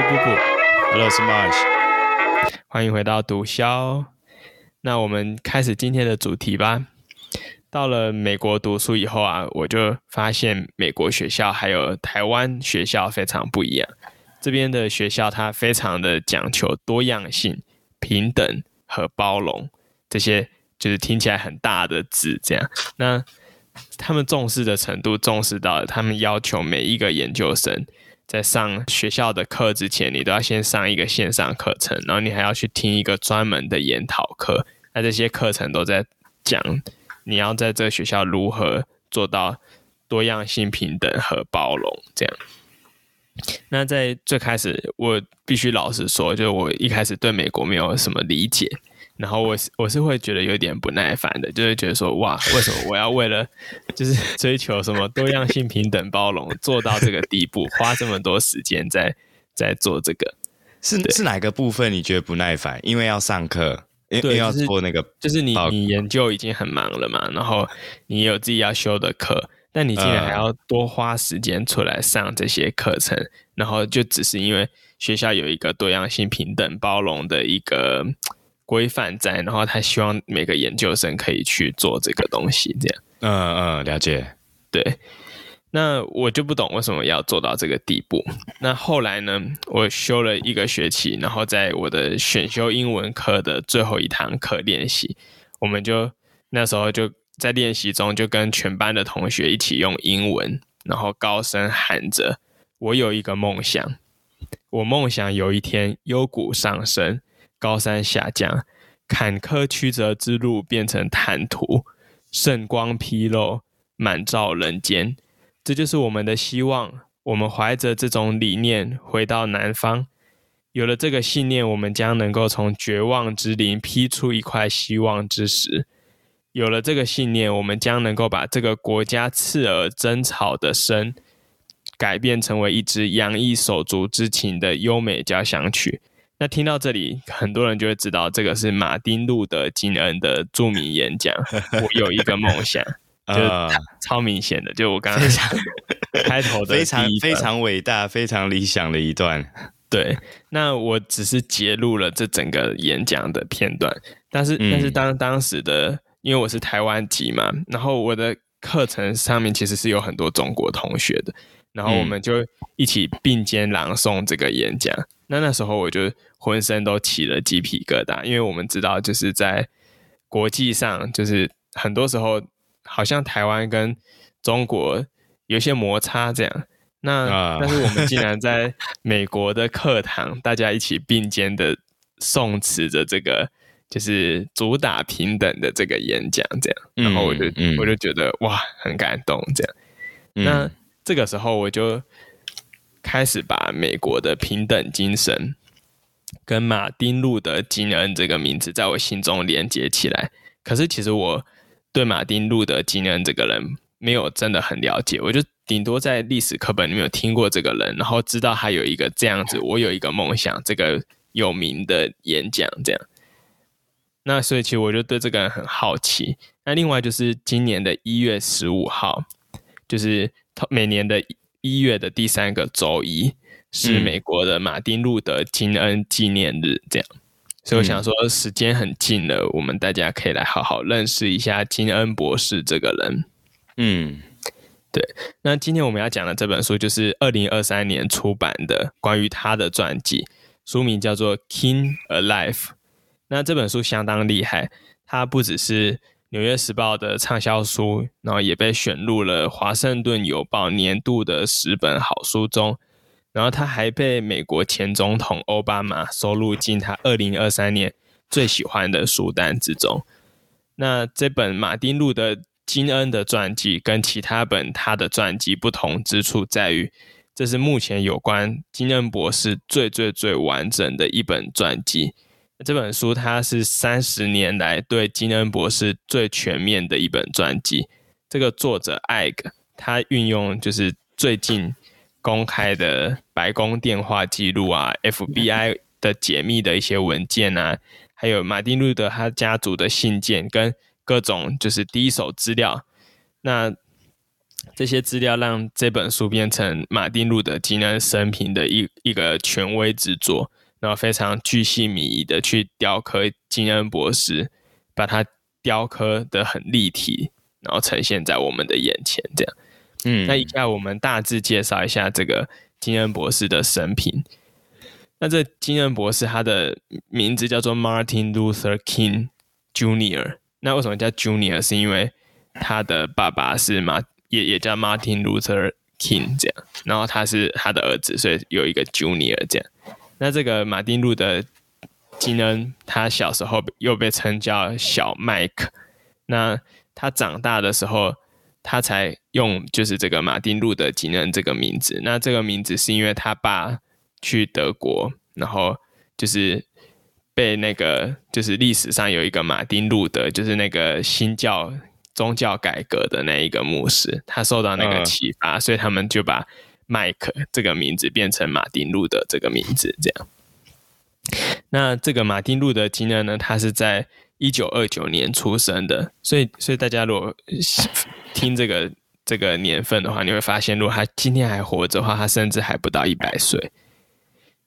不不不，Hello Smile，歡迎回到讀梟。那我們開始今天的主題吧。到了美國讀書以後啊，我就發現美國學校還有台灣學校非常不一樣。這邊的學校它非常的講求多樣性、平等和包容，這些就是聽起來很大的字。這樣，那他們重視的程度，重視到了他們要求每一個研究生。在上學校的課之前，你都要先上一個線上課程，然後你還要去聽一個專門的研討課。那這些課程都在講你要在這個學校如何做到多樣性、平等和包容。這樣，那在最開始，我必須老實說，就是我一開始對美國沒有什麼理解。然後我我是會覺得有點不耐煩的，就是覺得說哇，為什麼我要為了就是追求什麼多樣性、平等、包容， 做到這個地步，花這麼多時間在在做這個？是是哪個部分你覺得不耐煩？因為要上課，對，因為要做那個、就是，就是你你研究已經很忙了嘛，然後你有自己要修的課，但你竟然還要多花時間出來上這些課程，呃、然後就只是因為學校有一個多樣性、平等、包容的一個。規範在，然後他希望每個研究生可以去做這個東西，這樣。嗯嗯，了解。對，那我就不懂為什麼要做到這個地步。那後來呢，我修了一個學期，然後在我的選修英文課的最後一堂課練習，我們就那時候就在練習中，就跟全班的同學一起用英文，然後高聲喊着：“我有一個夢想，我夢想有一天幽谷上升。”高山下降，坎坷曲折之路變成坦途，聖光披露，滿照人間。這就是我們的希望。我們懷着這種理念回到南方，有了這個信念，我們將能夠從絕望之嶺劈出一塊希望之石。有了這個信念，我們將能夠把這個國家刺耳爭吵的聲，改變成為一支洋溢手足之情的優美交響曲。那聽到這裡，很多人就會知道這個是馬丁路德金恩的著名演講。 我有一個夢想， 就是超明顯的，就我剛剛開頭的一 非常非常偉大、非常理想的一段。對，那我只是截錄了這整個演講的片段，但是、嗯、但是當當時的因為我是台灣籍嘛，然後我的課程上面其實是有很多中國同學的，然後我們就一起並肩朗誦這個演講。那、嗯、那時候我就。渾身都起了雞皮疙瘩，因為我們知道，就是在國際上，就是很多時候好像台灣跟中國有些摩擦，這樣。那但是我們竟然在美國的課堂， 大家一起並肩的頌詞着這個，就是主打平等的這個演講，這樣。然後我就、嗯嗯、我就覺得哇，很感動，這樣。那這個時候我就開始把美國的平等精神。跟馬丁路德金恩這個名字在我心中連接起來，可是其實我對馬丁路德金恩這個人沒有真的很了解，我就頂多在歷史課本裡面有聽過這個人，然後知道他有一個這樣子，我有一個夢想，這個有名的演講這樣。那所以其實我就對這個人很好奇。那另外就是今年的一月十五號，就是每年的一月的第三個週一。是美國的馬丁路德金恩紀念日，這樣、嗯，所以我想說時間很近了、嗯，我們大家可以來好好認識一下金恩博士這個人。嗯，對。那今天我們要講的這本書就是二零二三年出版的關於他的傳記，書名叫做《King: A Life》。那這本書相當厲害，它不只是《紐約時報》的暢銷書，然後也被選入了《華盛頓郵報》年度的十本好書中。然後他還被美國前總統歐巴馬收錄進他二零二三年最喜歡的書單之中。那這本馬丁路德金恩的傳記跟其他本他的傳記不同之處在於，這是目前有關金恩博士最最最完整的一本傳記。這本書它是三十年來對金恩博士最全面的一本傳記。這個作者艾格他運用就是最近。公開的白宮電話記錄啊，FBI 的解密的一些文件啊，還有馬丁路德他家族的信件跟各種就是第一手資料，那這些資料讓這本書變成馬丁路德金恩生平的一一個權威之作，然後非常巨細靡遺的去雕刻金恩博士，把他雕刻得很立體，然後呈現在我們的眼前，這樣。嗯，那一下我們大致介紹一下這個金恩博士的生平。那這金恩博士，他的名字叫做 Martin Luther King Jr.。那為什麼叫 Jr. 是因為他的爸爸是馬，也也叫 Martin Luther King 這樣。然後他是他的兒子，所以有一個 Jr. 這樣。那這個馬丁路德金恩，他小時候又被稱叫小麥克。那他長大的時候。他才用就是這個馬丁路德金恩這個名字。那這個名字是因為他爸去德國，然後就是被那個就是歷史上有一個馬丁路德，就是那個新教宗教改革的那一個牧師，他受到那個啟發，嗯、所以他們就把邁克這個名字變成馬丁路德這個名字這樣。那這個馬丁路德金恩呢，他是在。一九二九年出生的，所以所以大家如果聽這個這個年份的話，你會發現，如果他今天還活着的話，他甚至還不到一百歲。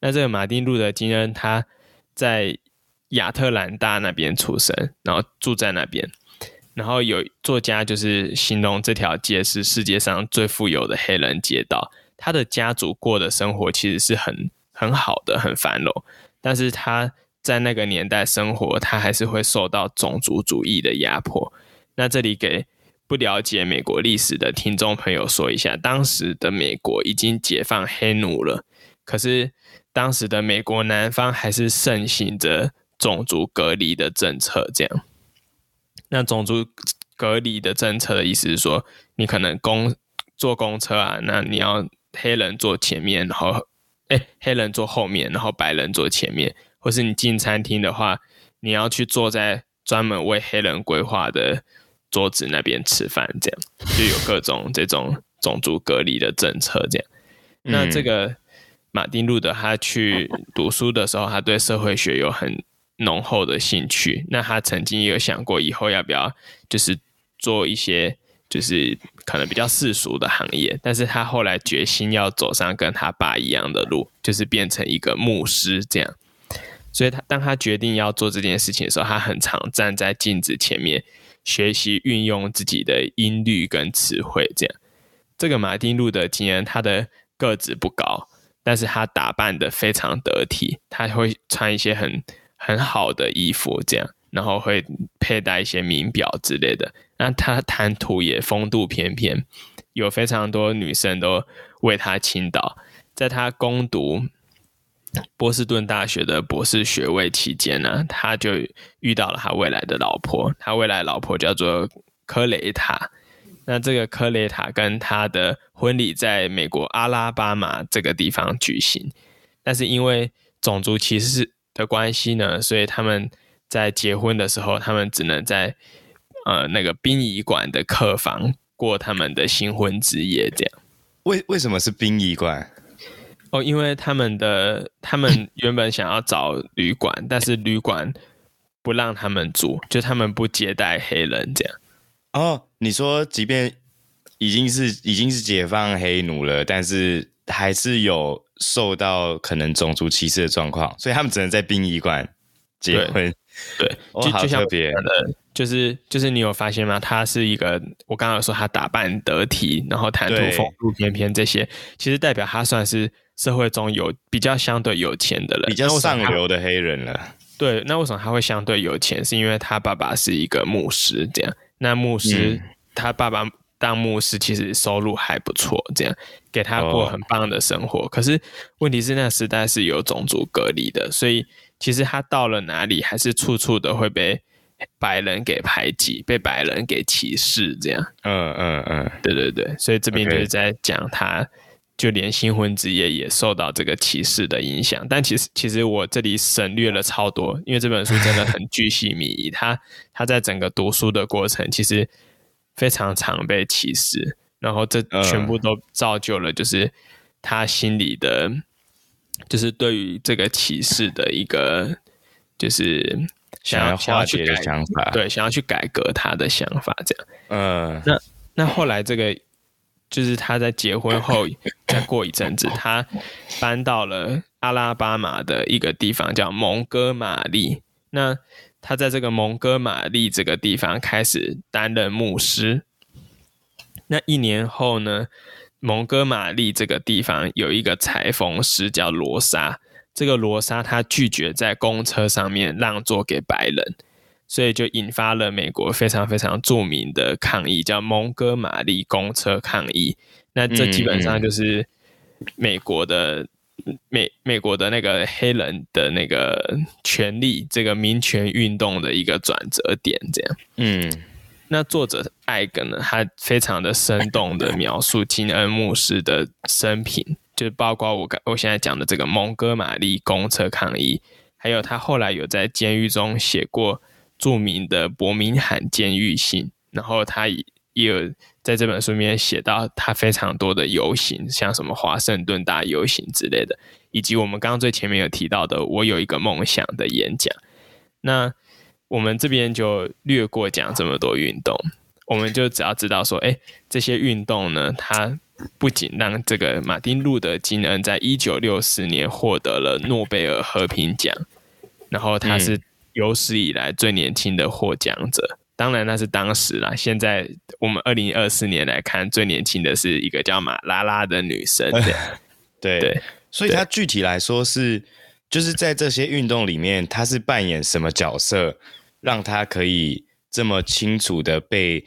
那這個馬丁路德金恩，他在亞特蘭大那邊出生，然後住在那邊，然後有作家就是形容這條街是世界上最富有的黑人街道，他的家族過的生活其實是很很好的，很繁榮，但是他。在那個年代生活，他還是會受到種族主義的壓迫。那這裡給不了解美國歷史的聽眾朋友說一下，當時的美國已經解放黑奴了，可是當時的美國南方還是盛行着種族隔離的政策。這樣，那種族隔離的政策的意思是說，你可能公坐公車啊，那你要黑人坐前面，然後哎，欸，黑人坐後面，然後白人坐前面。或是你進餐廳的話，你要去坐在專門為黑人規劃的桌子那邊吃飯，這樣就有各種這種種族隔離的政策。這樣、嗯，那這個馬丁路德他去讀書的時候，他對社會學有很濃厚的興趣。那他曾經也有想過以後要不要就是做一些就是可能比較世俗的行業，但是他後來決心要走上跟他爸一樣的路，就是變成一個牧師這樣。所以他當他決定要做這件事情的時候，他很常站在鏡子前面學習運用自己的音律跟詞彙。這樣，這個馬丁路德·金恩，他的個子不高，但是他打扮得非常得體，他會穿一些很很好的衣服，這樣，然後會佩戴一些名錶之類的。那他談吐也風度翩翩，有非常多女生都為他傾倒。在他攻讀。波士頓大學的博士學位期間呢，他就遇到了他未來的老婆。他未來的老婆叫做科雷塔。那這個科雷塔跟他的婚禮在美國阿拉巴馬這個地方舉行。但是因為種族歧視的關係呢，所以他們在結婚的時候，他們只能在呃那個殯儀館的客房過他們的新婚之夜。這樣，為為什麼是殯儀館？哦，因為他們的他們原本想要找旅館， 但是旅館不讓他們住，就他們不接待黑人這樣。哦，你說即便已經是已經是解放黑奴了，但是還是有受到可能種族歧視的狀況，所以他們只能在殯儀館結婚。對，對，哦，好特別。就，就像我講的。就是就是，你有發現嗎？他是一個，我剛剛有說他打扮得體，然後談吐風度翩翩，這些其實代表他算是。社會中有比較相對有錢的人，比較上流的黑人了、啊。對，那為什麼他會相對有錢？是因為他爸爸是一個牧師，這樣。那牧師、嗯、他爸爸當牧師，其實收入還不錯，這樣，給他過很棒的生活。哦、可是問題是，那時代是有種族隔離的，所以其實他到了哪裡，還是處處的會被白人給排擠，被白人給歧視，這樣。嗯嗯嗯，對對對，所以這邊就是在講他。嗯就連新婚之夜也受到這個歧視的影響，但其實其實我這裡省略了超多，因為這本書真的很巨細靡遺。 他他在整個讀書的過程，其實非常常被歧視，然後這全部都造就了，就是他心裡的，嗯、就是對於這個歧視的一個，就是想要，想要化解的想法，想要去，對，想要去改革他的想法，這樣。嗯，那那後來這個。就是他在結婚後，再過一陣子，他搬到了阿拉巴馬的一個地方，叫蒙哥馬利。那他在這個蒙哥馬利這個地方開始擔任牧師。那一年後呢，蒙哥馬利這個地方有一個裁縫師叫羅莎。這個羅莎她拒絕在公車上面讓座給白人。所以就引發了美國非常非常著名的抗議，叫蒙哥馬利公車抗議。那這基本上就是美國的、嗯、美美國的那個黑人的那個權利，這個民權運動的一個轉折點。這樣，嗯，那作者艾格呢，他非常的生動的描述金恩牧師的生平， 就包括我剛我現在講的這個蒙哥馬利公車抗議，還有他後來有在監獄中寫過。著名的《伯明翰監獄信》，然後他也有在這本書裡面寫到他非常多的遊行，像什麼華盛頓大遊行之類的，以及我們剛剛最前面有提到的“我有一個夢想”的演講。那我們這邊就略過講這麼多運動，我們就只要知道說，哎，這些運動呢，它不僅讓這個馬丁·路德·金恩在一九六四年獲得了諾貝爾和平獎，然後他是。有史以來最年輕的獲獎者，當然那是當時啦。現在我們二零二四年來看，最年輕的是一個叫馬拉拉的女生。對、呃、對、對，所以她具體來說是，就是在這些運動裡面，她是扮演什麼角色，讓她可以這麼清楚的被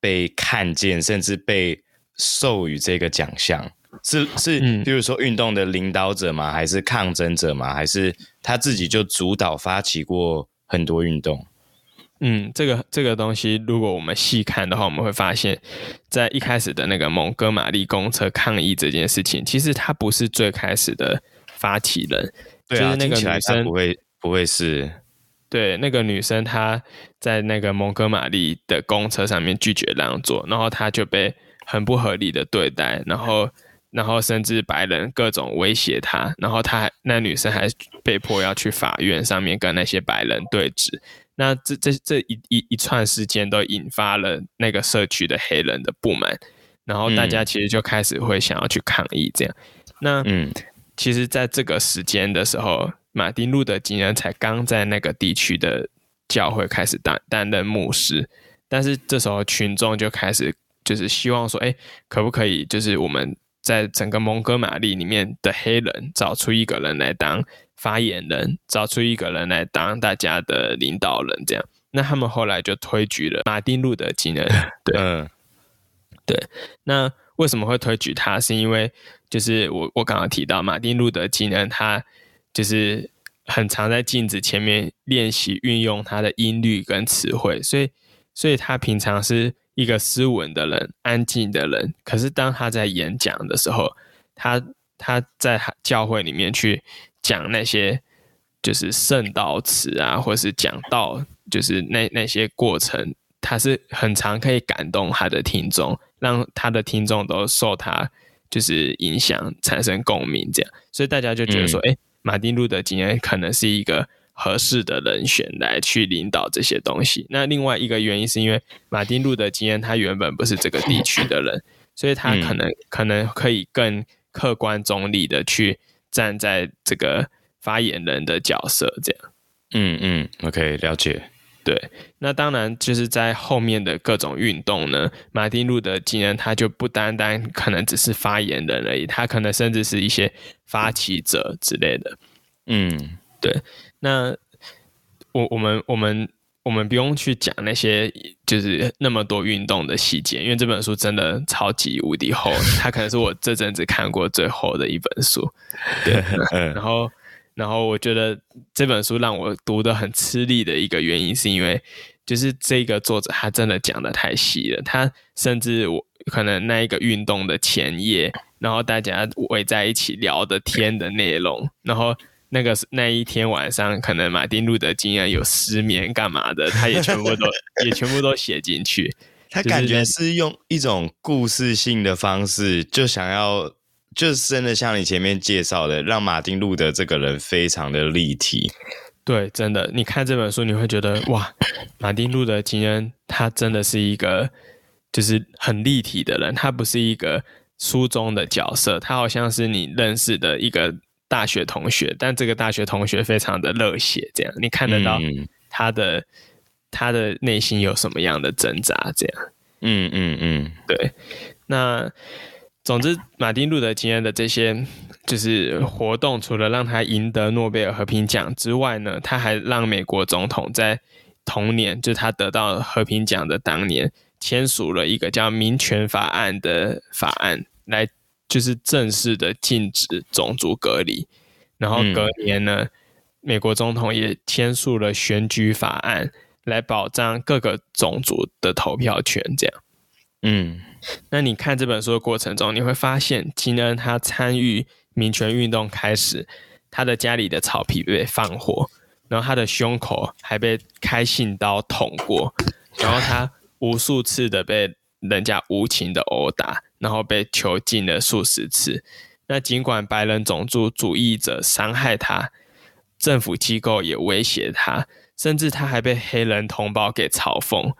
被看見，甚至被。授予這個獎項是是，比如說運動的領導者嗎？還是抗爭者嗎？還是他自己就主導發起過很多運動？嗯，這個這個東西，如果我們細看的話，我們會發現，在一開始的那個蒙哥馬利公車抗議這件事情，其實他不是最開始的發起人。對啊，就是那個女生不會不會是？對，那個女生她在那個蒙哥馬利的公車上面拒絕讓座，然後她就被。很不合理的對待，然後，然後甚至白人各種威脅他，然後他那女生還被迫要去法院上面跟那些白人對峙。那這這這一一一串事件都引發了那個社區的黑人的不滿，然後大家其實就開始會想要去抗議。這樣，嗯那嗯，其實在這個時間的時候，馬丁路德金恩才剛在那個地區的教會開始擔擔任牧師，但是這時候群眾就開始。就是希望說，哎、欸，可不可以？就是我們在整個蒙哥馬利裡面的黑人，找出一個人來當發言人，找出一個人來當大家的領導人，這樣。那他們後來就推舉了馬丁·路德·金恩。對，對。那為什麼會推舉他？是因為就是我我剛剛提到馬丁·路德·金恩，他就是很常在鏡子前面練習運用他的音律跟詞彙，所以，所以他平常是。一個斯文的人，安靜的人，可是當他在演講的時候，他他在教會裡面去講那些就是聖道詞啊，或是講道，就是那那些過程，他是很常可以感動他的聽眾，讓他的聽眾都受他就是影響，產生共鳴，這樣，所以大家就覺得說、嗯，誒，馬丁路德金可能是一個。合適的人選來去領導這些東西。那另外一個原因是因為馬丁路德金恩，他原本不是這個地區的人，所以他可能、嗯、可能可以更客觀中立的去站在這個發言人的角色。這樣，嗯嗯，OK，了解。對，那當然就是在後面的各種運動呢，馬丁路德金恩，他就不單單可能只是發言人而已，他可能甚至是一些發起者之類的。嗯，對。那我我們我們我們不用去講那些就是那麼多運動的細節，因為這本書真的超級無敵厚，它可能是我這陣子看過最厚的一本書。對 然後，然後我覺得這本書讓我讀得很吃力的一個原因，是因為就是這個作者他真的講得太細了，他甚至我可能那一個運動的前夜，然後大家圍在一起聊的天的內容，然後。那個那一天晚上，可能馬丁路德金啊有失眠幹嘛的，他也全部都 也全部都寫進去。他感覺是用一種故事性的方式，就想、是、要就是、真的像你前面介紹的，讓馬丁路德這個人非常的立體。對，真的，你看這本書，你會覺得哇，馬丁路德金恩他真的是一個就是很立體的人，他不是一個書中的角色，他好像是你認識的一個。大學同學，但這個大學同學非常的熱血，這樣你看得到他的、嗯、他的內心有什麼樣的掙扎？這樣，嗯嗯嗯，對。那總之，馬丁路德金恩的這些就是活動，除了讓他贏得諾貝爾和平獎之外呢，他還讓美國總統在同年，就是他得到和平獎的當年，簽署了一個叫《民權法案》的法案來。就是正式的禁止種族隔離，然後隔年呢，嗯，美國總統也簽署了選舉法案來保障各個種族的投票權。這樣，嗯，那你看這本書的過程中，你會發現金恩他參與民權運動開始，他的家裡的草皮被放火，然後他的胸口還被開信刀捅過，然後他無數次的被人家無情的毆打。然後被囚禁了數十次。那儘管白人種族主義者傷害他，政府機構也威脅他，甚至他還被黑人同胞給嘲諷。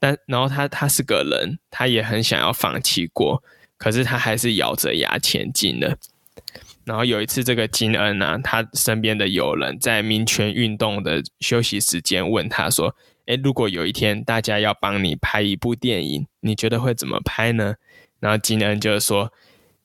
但然後他他是個人，他也很想要放棄過，可是他還是咬着牙前進的。然後有一次，這個金恩呢、啊，他身邊的友人在民權運動的休息時間問他說誒：“如果有一天大家要幫你拍一部電影，你覺得會怎麼拍呢？”然後金恩就是說，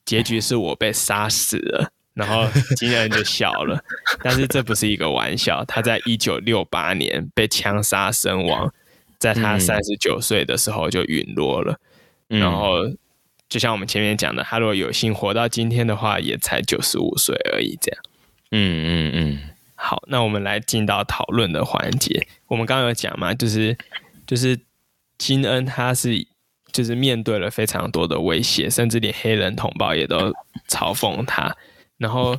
結局是我被殺死了。然後金恩就笑了， 但是這不是一個玩笑。他在一九六八年被槍殺身亡，在他三十九歲的時候就隕落了，嗯。然後，就像我們前面講的，他如果有幸活到今天的話，也才九十五歲而已。這樣，嗯嗯嗯。好，那我們來進到討論的環節。我們剛剛有講嘛，就是就是金恩他是。就是面對了非常多的威脅，甚至連黑人同胞也都嘲諷他。 然後，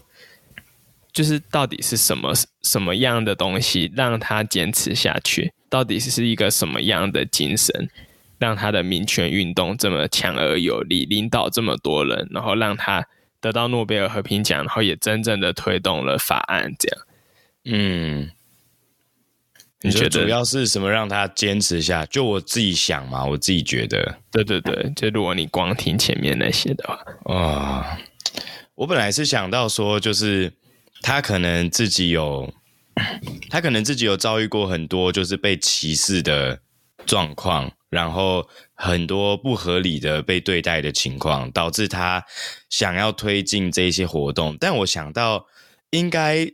就是到底是什麼什麼樣的東西讓他堅持下去？到底是一個什麼樣的精神，讓他的民權運動這麼強而有力，領導這麼多人，然後讓他得到諾貝爾和平獎，然後也真正的推動了法案？這樣，嗯。你覺得主要是什麼讓他堅持下？就我自己想嘛，我自己覺得，對對對。就如果你光聽前面那些的話，啊、哦，我本來是想到說，就是他可能自己有，他可能自己有遭遇過很多就是被歧視的狀況，然後很多不合理的被對待的情況，導致他想要推進這些活動。但我想到，應該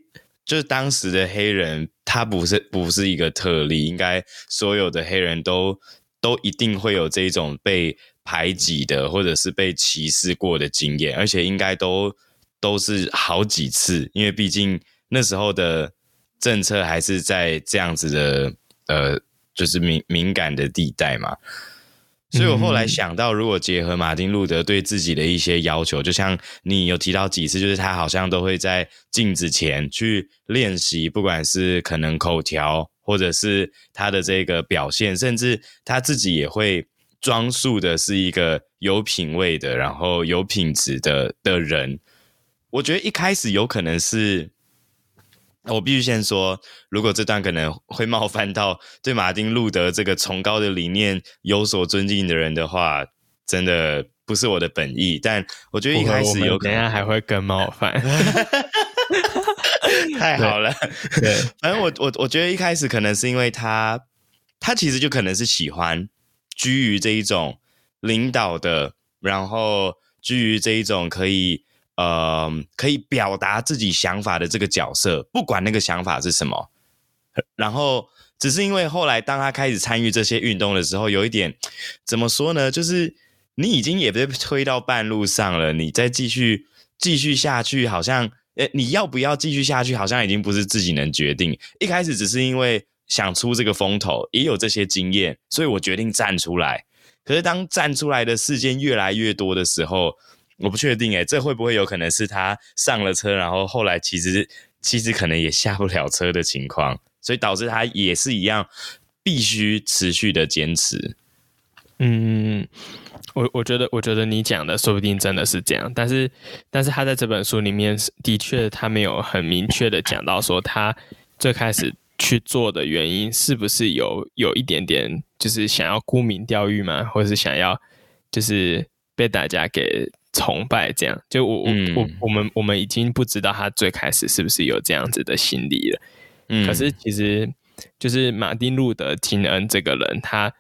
就是當時的黑人。他不是不是一個特例，應該所有的黑人都都一定會有這種被排擠的，或者是被歧視過的經驗，而且應該都都是好幾次，因為畢竟那時候的政策還是在這樣子的，呃，就是敏敏感的地帶嘛。所以我後來想到，如果結合馬丁路德對自己的一些要求，就像你有提到幾次，就是他好像都會在鏡子前去練習，不管是可能口條，或者是他的這個表現，甚至他自己也會裝束的是一個有品味的，然後有品質的的人。我覺得一開始有可能是。我必須先說，如果這段可能會冒犯到對馬丁路德這個崇高的理念有所尊敬的人的話，真的不是我的本意。但我覺得一開始有可能我我等下還會更冒犯。 太好了，反正我我我覺得一開始可能是因為他，他其實就可能是喜歡居於這一種領導的，然後居於這一種可以。呃，可以表達自己想法的這個角色，不管那個想法是什麼，然後只是因為後來當他開始參與這些運動的時候，有一點怎麼說呢？就是你已經也被推到半路上了，你再繼續繼續下去，好像誒、欸，你要不要繼續下去？好像已經不是自己能決定。一開始只是因為想出這個風頭，也有這些經驗，所以我決定站出來。可是當站出來的時間越來越多的時候，我不確定誒、欸，這會不會有可能是他上了車，然後後來其實其實可能也下不了車的情況，所以導致他也是一樣必須持續的堅持。嗯，我我覺得我覺得你講的說不定真的是這樣，但是但是他在這本書裡面的確他沒有很明確的講到說他最開始去做的原因是不是有有一點點就是想要沽名釣譽嘛，或者是想要就是被大家給。崇拜這樣，就我、嗯、我我我們我們已經不知道他最開始是不是有這樣子的心理了，嗯。可是其實就是馬丁路德金恩這個人，他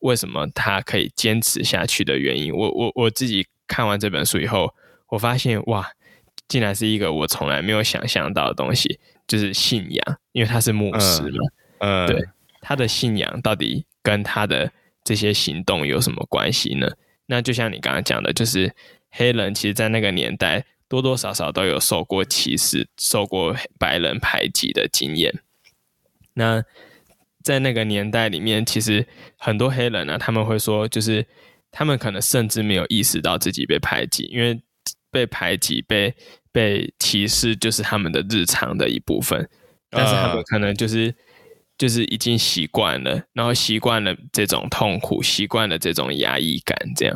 為什麼他可以堅持下去的原因？我我我自己看完這本書以後，我發現哇，竟然是一個我從來沒有想象到的東西，就是信仰。因為他是牧師嘛，嗯，對，嗯，他的信仰到底跟他的這些行動有什麼關係呢？那就像你剛剛講的，就是。黑人其實，在那個年代，多多少少都有受過歧視、受過白人排擠的經驗。那在那個年代裡面，其實很多黑人呢、啊，他們會說，就是他們可能甚至沒有意識到自己被排擠，因為被排擠、被被歧視，就是他們的日常的一部分。但是他們可能就是、uh, 就是已經習慣了，然後習慣了這種痛苦，習慣了這種壓抑感，這樣。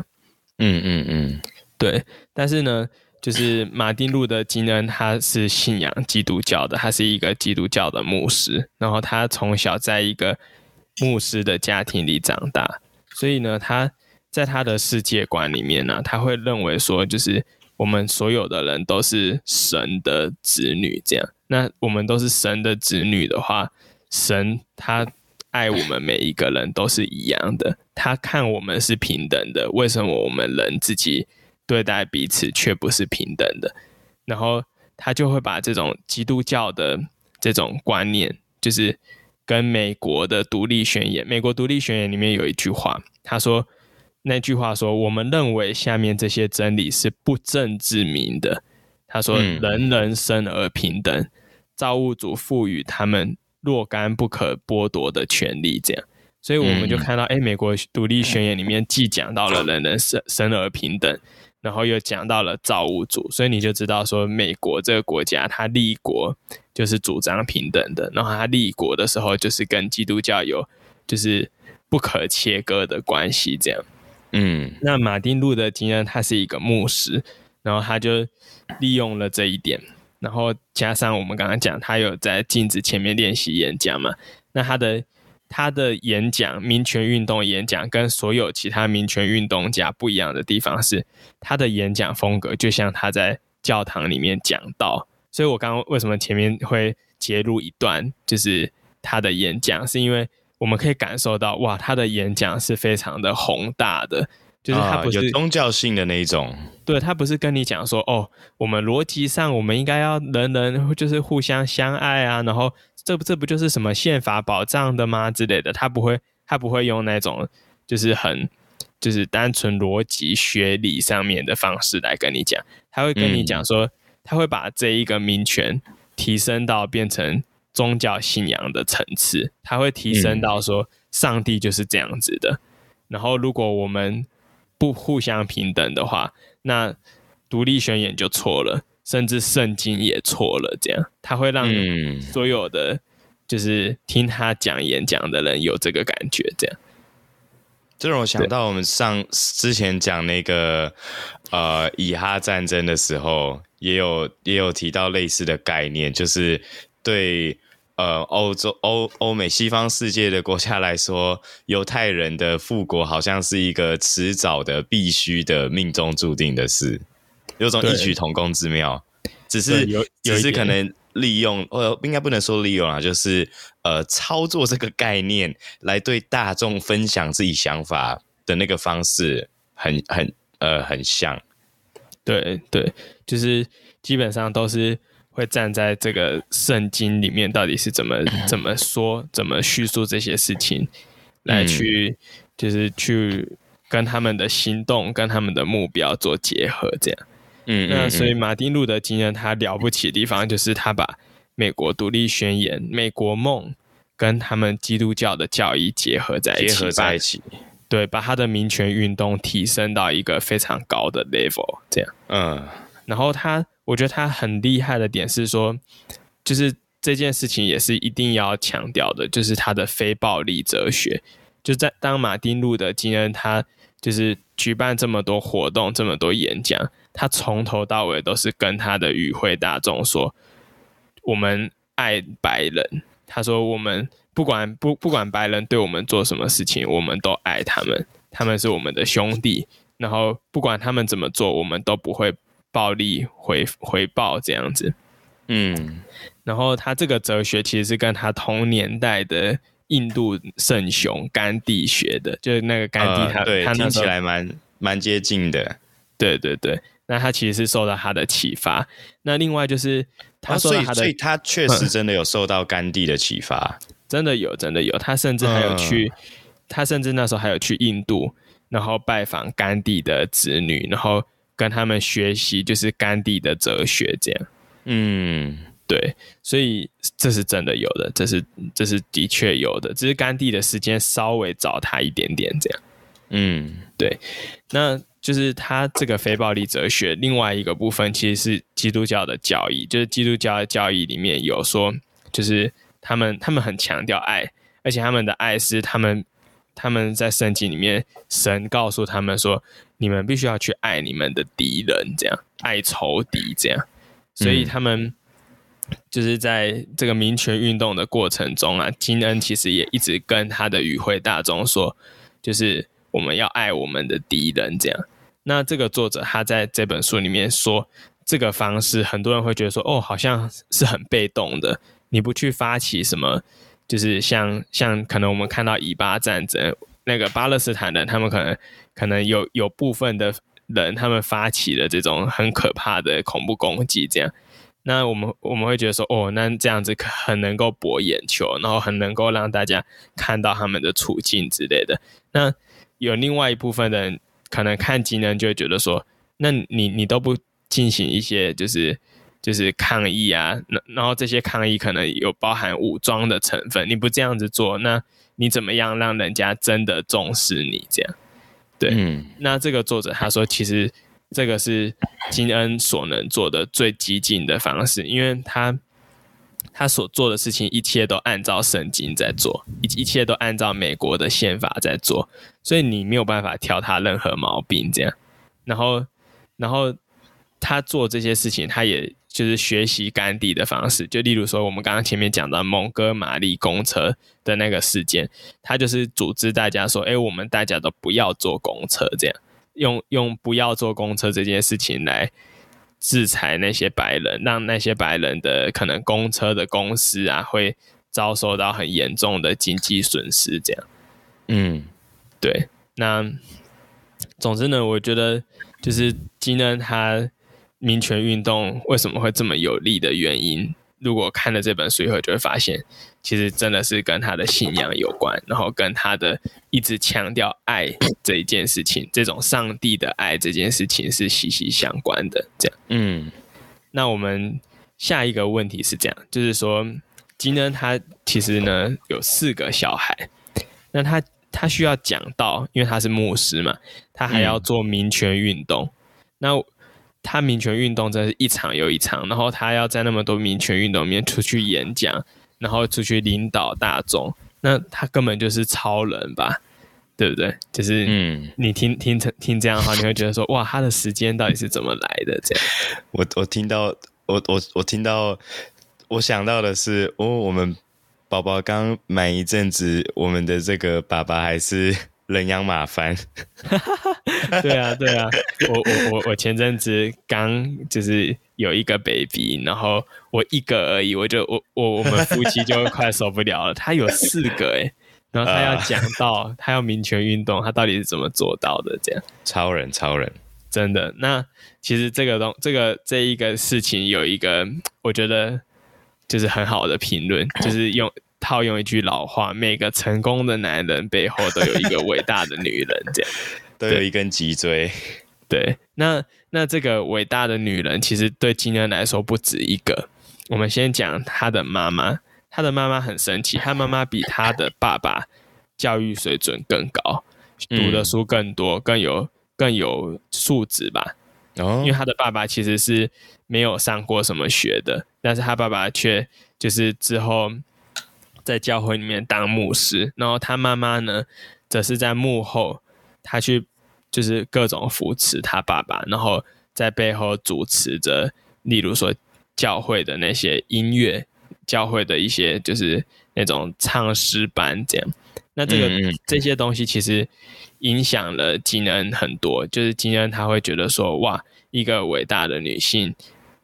嗯嗯嗯。嗯對，但是呢，就是馬丁路德金恩，他是信仰基督教的，他是一個基督教的牧師，然後他從小在一個牧師的家庭裡長大，所以呢，他在他的世界觀裡面呢、啊，他會認為說，就是我們所有的人都是神的子女，這樣。那我們都是神的子女的話，神他愛我們每一個人都是一樣的，他看我們是平等的。為什麼我們人自己？對待彼此卻不是平等的，然後他就會把這種基督教的這種觀念，就是跟美國的獨立宣言，美國獨立宣言裡面有一句話，他說那句話說，我們認為下面這些真理是不證自明的。他說、嗯、人人生而平等，造物主賦予他們若干不可剝奪的權利。這樣，所以我們就看到，誒，美國獨立宣言裡面既講到了人人生生而平等。然後又講到了造物主，所以你就知道說，美國這個國家它立國就是主張平等的，然後它立國的時候就是跟基督教有就是不可切割的關係這樣。嗯，那馬丁路德金呢，他是一個牧師，然後他就利用了這一點，然後加上我們剛剛講他有在鏡子前面練習演講嘛，那他的。他的演講，民權運動演講，跟所有其他民權運動家不一樣的地方是，他的演講風格，就像他在教堂裡面講到，所以我剛剛為什麼前面會截錄一段，就是他的演講，是因為我們可以感受到，哇，他的演講是非常的宏大的。就是他不是、啊、宗教性的那一種，對，他不是跟你講說哦，我們邏輯上我們應該要人人就是互相相愛啊，然後這不這不就是什麼憲法保障的嗎？之類的。他不會，他不會用那種就是很就是單純邏輯學理上面的方式來跟你講，他會跟你講說，嗯、他會把這一個民權提升到變成宗教信仰的層次，他會提升到說上帝就是這樣子的，嗯、然後如果我們。不互相平等的話，那《獨立宣言》就錯了，甚至《聖經》也錯了。這樣，它會讓所有的、嗯、就是聽他講演講的人有這個感覺。這樣，這讓我想到我們上之前講那個呃，以哈戰爭的時候，也有也有提到類似的概念，就是對。呃，歐洲、歐歐美西方世界的國家來說，猶太人的復國好像是一個遲早的、必須的、命中注定的事，有種異曲同工之妙。只是有只是可能利用，呃，應該不能說利用啊，就是呃，操作這個概念來對大眾分享自己想法的那個方式很，很很呃，很像。對對，就是基本上都是。會站在這個聖經裡面，到底是怎麼怎麼說、怎麼敘述這些事情，來去、嗯、就是去跟他們的行動、跟他們的目標做結合，這樣。嗯，嗯，嗯，那所以馬丁路德金呢，他了不起的地方，就是他把美國獨立宣言、美國夢跟他們基督教的教義結合在一起，結合在一起，對，把他的民權運動提升到一個非常高的 level，這樣。嗯，然後他。我覺得他很厲害的點是說，就是這件事情也是一定要強調的，就是他的非暴力哲學。就在當馬丁路德金恩他就是舉辦這麼多活動、這麼多演講，他從頭到尾都是跟他的與會大眾說：“我們愛白人。”他說：“我們不管不不管白人對我們做什麼事情，我們都愛他們，他們是我們的兄弟。然後不管他們怎麼做，我們都不會。”暴力回回報這樣子，嗯，然後他這個哲學其實是跟他同年代的印度聖雄甘地學的，就是那個甘地他、呃對，他他聽起來蠻蠻接近的，對對對。那他其實是受到他的啟發。那另外就是他,他的、啊、所以、所以他確實真的有受到甘地的啟發，嗯、真的有，真的有。他甚至還有去、嗯，他甚至那時候還有去印度，然後拜訪甘地的子女，然後。跟他們學習，就是甘地的哲學這樣，嗯，對，所以這是真的有的，這是這是的確有的，只是甘地的時間稍微早他一點點這樣，嗯，對，那就是他這個非暴力哲學另外一個部分其實是基督教的教義，就是基督教的教義裡面有說，就是他們他們很強調愛，而且他們的愛是他們。他們在聖經裡面，神告訴他們說：“你們必須要去愛你們的敵人，這樣愛仇敵，這樣。”所以他們就是在這個民權運動的過程中啊，嗯、金恩其實也一直跟他的與會大眾說：“就是我們要愛我們的敵人。”這樣。那這個作者他在這本書裡面說，這個方式很多人會覺得說：“哦，好像是很被動的，你不去發起什麼。”就是像，像可能我們看到以巴戰爭，那個巴勒斯坦人，他們可能可能有，有部分的人，他們發起了這種很可怕的恐怖攻擊，這樣。那我們我們會覺得說，哦，那這樣子很能夠博眼球，然後很能夠讓大家看到他們的處境之類的。那有另外一部分的人，可能看新聞就會覺得說，那你你都不進行一些就是。就是抗議啊，那然後這些抗議可能有包含武裝的成分。你不這樣子做，那你怎麼樣讓人家真的重視你？這樣，對，嗯。那這個作者他說，其實這個是金恩所能做的最激進的方式，因為他他所做的事情，一切都按照聖經在做，一一切都按照美國的憲法在做，所以你沒有辦法挑他任何毛病。這樣，然後然後他做這些事情，他也。就是學習甘地的方式，就例如說我們剛剛前面講到蒙哥馬利公車的那個事件，他就是組織大家說：“哎、欸，我們大家都不要坐公車，這樣用用不要坐公車這件事情來制裁那些白人，讓那些白人的可能公車的公司啊，會遭受到很嚴重的經濟損失。”這樣，嗯，對。那總之呢，我覺得就是金恩他。民權運動為什麼會這麼有力的原因？如果看了這本書以後，就會發現，其實真的是跟他的信仰有關，然後跟他的一直強調愛這一件事情，這種上帝的愛這件事情是息息相關的。這樣，嗯，那我們下一個問題是這樣，就是說金恩他其實呢有四個小孩，那他他需要講道，因為他是牧師嘛，他還要做民權運動，嗯、那。他民權運動真的是一場又一場，然後他要在那麼多民權運動裡面出去演講，然後出去領導大眾，那他根本就是超人吧？對不對？就是，嗯，你聽聽成聽這樣的話，你會覺得說，哇，他的時間到底是怎麼來的？這樣，我我聽到，我我我聽到，我想到的是，哦，我們寶寶剛滿一陣子，我們的這個爸爸還是。人仰馬翻， 對啊，對啊，我我我我前陣子剛就是有一個 baby，然後我一個而已，我就我我我們夫妻就會快受不了了。他有四個哎、欸，然後他要講到他要民權運動，他到底是怎麼做到的？這樣超人，超人，真的。那其實這個東，這個這一個事情有一個，我覺得就是很好的評論，就是用。 套用一句老話，每個成功的男人背後都有一個偉大的女人，這樣 對，都有一根脊椎。對，那那這個偉大的女人，其實對金恩來說不止一個。我們先講她的媽媽，她的媽媽很神奇，她媽媽比她的爸爸教育水準更高， 讀的書更多，更有更有素質吧。哦，因為她的爸爸其實是沒有上過什麼學的，但是她爸爸卻就是之後。在教會裡面當牧師，然後他媽媽呢，則是在幕後，他去就是各種扶持他爸爸，然後在背後主持着，例如說教會的那些音樂，教會的一些就是那種唱詩班這樣。那這個、嗯、這些東西其實影響了金恩很多，就是金恩她會覺得說，哇，一個偉大的女性，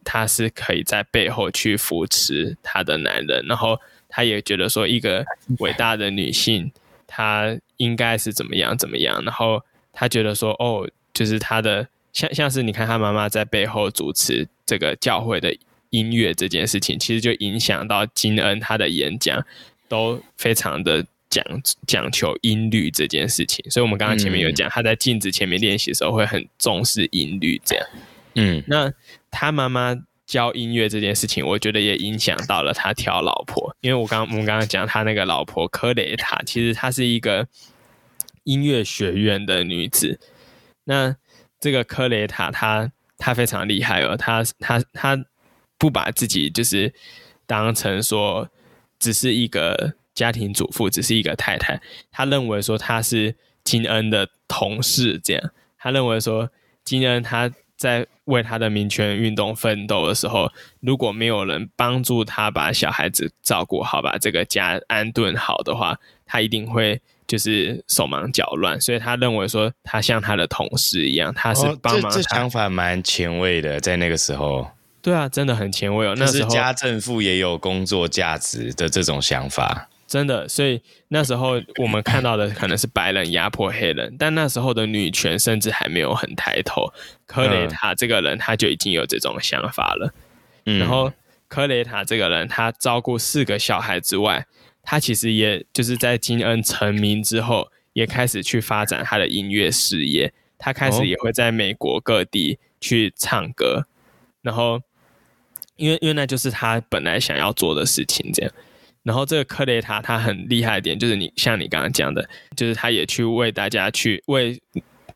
她是可以在背後去扶持她的男人，然後。他也覺得說，一個偉大的女性，她應該是怎麼樣怎麼樣。然後她覺得說，哦，就是她的像像是你看她媽媽在背後主持這個教會的音樂這件事情，其實就影響到金恩她的演講，都非常的講講求音律這件事情。所以，我們剛剛前面有講，她在鏡子前面練習的時候，會很重視音律這樣。嗯，那她媽媽。教音樂這件事情，我覺得也影響到了他挑老婆。因為我剛剛我們剛剛講他那個老婆科雷塔，其實她是一個音樂學院的女子。那這個科雷塔，她她非常厲害哦，她她她不把自己就是當成說只是一個家庭主婦，只是一個太太。她認為說她是金恩的同事，這樣。她認為說金恩她在為他的民權運動奮鬥的時候，如果沒有人幫助他把小孩子照顧好，把這個家安頓好的話，他一定會就是手忙腳亂。所以他認為說，他像他的同事一樣，他是幫忙。哦、這想法蠻前衛的，在那個時候。對啊，真的很前衛哦。那是家政婦也有工作價值的這種想法。真的，所以那時候我們看到的可能是白人壓迫黑人，但那時候的女權甚至還沒有很抬頭。科雷塔這個人、嗯，他就已經有這種想法了。然後，嗯、科雷塔這個人，他照顧四個小孩之外，他其實也就是在金恩成名之後，也開始去發展他的音樂事業。他開始也會在美國各地去唱歌，哦、然後，因為因為那就是他本來想要做的事情，這樣。然後這個克雷塔他，他很厲害一點，就是你像你剛剛講的，就是他也去為大家去為